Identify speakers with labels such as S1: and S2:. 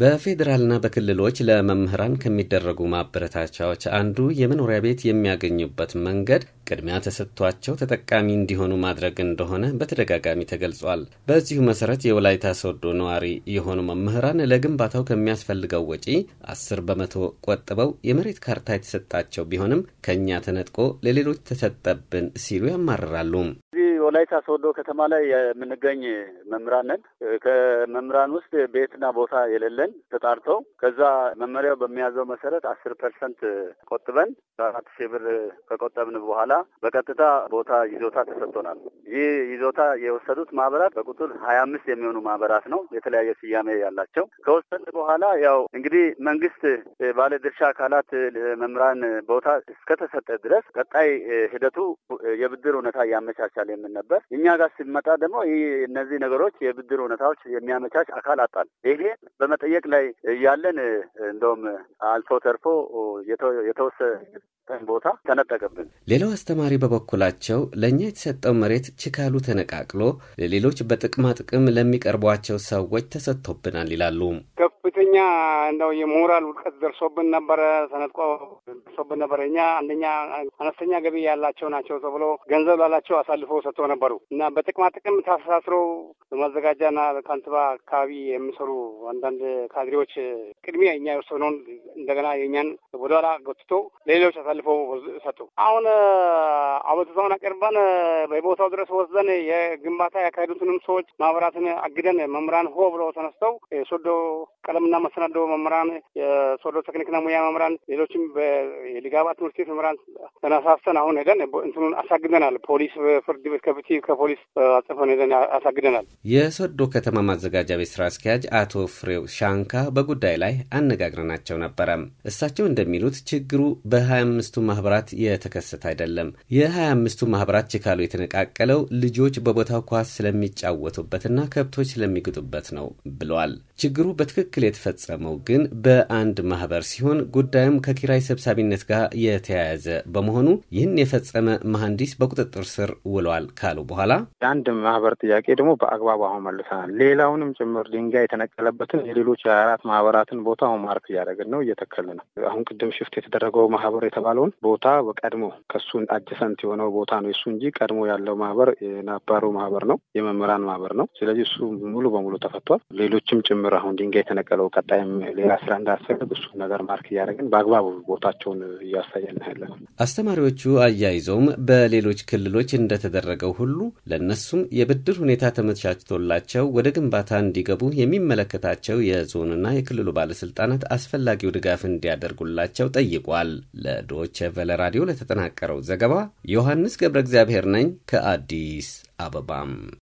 S1: በፌዴራልና በክልሎች ለመምህራን ከሚደረጉ ማበረታቻዎች አንዱ የመኖሪያ ቤት የሚያገኙበት መንገድ ቅድሚያ ተሰጥቷቸው ተጠቃሚ እንዲሆኑ ማድረግ እንደሆነ በተደጋጋሚ ተገልጿል። በዚሁ መሰረት የወላይታ ሶዶ ነዋሪ የሆኑ መምህራን ለግንባታው ከሚያስፈልገው ወጪ አስር በመቶ ቆጥበው የመሬት ካርታ የተሰጣቸው ቢሆንም ከእኛ ተነጥቆ ለሌሎች ተሰጠብን ሲሉ ያማርራሉ።
S2: ወላይታ ሶዶ ከተማ ላይ የምንገኝ መምህራን ነን። ከመምህራን ውስጥ ቤትና ቦታ የሌለን ተጣርተው ከዛ መመሪያው በሚያዘው መሰረት አስር ፐርሰንት ቆጥበን ከአራት ሺህ ብር ከቆጠብን በኋላ በቀጥታ ቦታ ይዞታ ተሰጥቶናል። ይህ ይዞታ የወሰዱት ማህበራት በቁጥር ሀያ አምስት የሚሆኑ ማህበራት ነው። የተለያየ ስያሜ ያላቸው ከወሰድ በኋላ ያው እንግዲህ መንግስት ባለ ድርሻ አካላት መምህራን ቦታ እስከተሰጠ ድረስ ቀጣይ ሂደቱ የብድር እውነታ ያመቻቻል የምን ብለን ነበር። እኛ ጋር ሲመጣ ደግሞ ይህ እነዚህ ነገሮች የብድር ሁኔታዎች የሚያመቻች አካል አጣል። ይሄ በመጠየቅ ላይ እያለን እንደውም አልፎ ተርፎ የተወሰነ ቦታ ተነጠቀብን።
S1: ሌላው አስተማሪ በበኩላቸው ለእኛ የተሰጠው መሬት ችካሉ ተነቃቅሎ ለሌሎች በጥቅማ ጥቅም ለሚቀርቧቸው ሰዎች ተሰጥቶብናል ይላሉ።
S3: እኛ እንደው የሞራል ውድቀት ደርሶብን ነበረ፣ ተነጥቆ ደርሶብን ነበረ። እኛ አንደኛ አነስተኛ ገቢ ያላቸው ናቸው ተብሎ ገንዘብ ላላቸው አሳልፎ ሰጥቶ ነበሩ እና በጥቅማ ጥቅም ታሳስሮ በማዘጋጃና ካንትባ አካባቢ የሚሰሩ አንዳንድ ካድሬዎች ቅድሚያ እኛ የወሰነውን እንደገና የእኛን ወደኋላ ጎትቶ ሌሎች አሳልፎ ሰጡ። አሁን አቤቱታውን አቅርበን በቦታው ድረስ ወስደን የግንባታ ያካሄዱትንም ሰዎች ማህበራትን አግደን መምህራን ሆ ብሎ ተነስተው የሶዶ ቀለምና መሰናዶ መምህራን፣ የሶዶ ቴክኒክና ሙያ መምህራን፣ ሌሎችም የሊጋባ ትምህርት ቤት መምህራን ተነሳስተን አሁን ሄደን እንትኑን አሳግደናል። ፖሊስ ፍርድ ቤት ከፊት ከፖሊስ አጽፈን ሄደን አሳግደናል።
S1: የሶዶ ከተማ ማዘጋጃ ቤት ስራ አስኪያጅ አቶ ፍሬው ሻንካ በጉዳይ ላይ አነጋግረናቸው ነበረ። አልነበረም። እሳቸው እንደሚሉት ችግሩ በ25ቱ ማኅበራት የተከሰተ አይደለም። የ25ቱ ማኅበራት ችካሉ የተነቃቀለው ልጆች በቦታው ኳስ ስለሚጫወቱበትና ከብቶች ስለሚግጡበት ነው ብለዋል። ችግሩ በትክክል የተፈጸመው ግን በአንድ ማኅበር ሲሆን ጉዳዩም ከኪራይ ሰብሳቢነት ጋር የተያያዘ በመሆኑ ይህን የፈጸመ መሐንዲስ በቁጥጥር ስር ውሏል ካሉ በኋላ የአንድ
S4: ማህበር ጥያቄ ደግሞ በአግባቡ አሁን መልሰናል። ሌላውንም ጭምር ድንጋይ የተነቀለበትን የሌሎች የአራት ማህበራትን ቦታ አሁን ማርክ እያደረግን ነው እየተተከሉ ነው። አሁን ቅድም ሽፍት የተደረገው ማህበር የተባለውን ቦታ ቀድሞ ከሱን አጀሰንት የሆነው ቦታ ነው እሱ እንጂ ቀድሞ ያለው ማህበር የናባሩ ማህበር ነው፣ የመምህራን ማህበር ነው። ስለዚህ እሱ ሙሉ በሙሉ ተፈቷል። ሌሎችም ጭምር አሁን ድንጋይ የተነቀለው ቀጣይም ሌላ ስራ እንዳያስፈልግ እሱ ነገር ማርክ እያደረግን በአግባቡ ቦታቸውን እያሳየን ያለ ነው።
S1: አስተማሪዎቹ አያይዘውም በሌሎች ክልሎች እንደተደረገው ሁሉ ለእነሱም የብድር ሁኔታ ተመቻችቶላቸው ወደ ግንባታ እንዲገቡ የሚመለከታቸው የዞንና የክልሉ ባለስልጣናት አስፈላጊው ድጋፍ ድጋፍ እንዲያደርጉላቸው ጠይቋል። ለዶቼ ቨለ ራዲዮ ለተጠናቀረው ዘገባ ዮሐንስ ገብረ እግዚአብሔር ነኝ ከአዲስ አበባም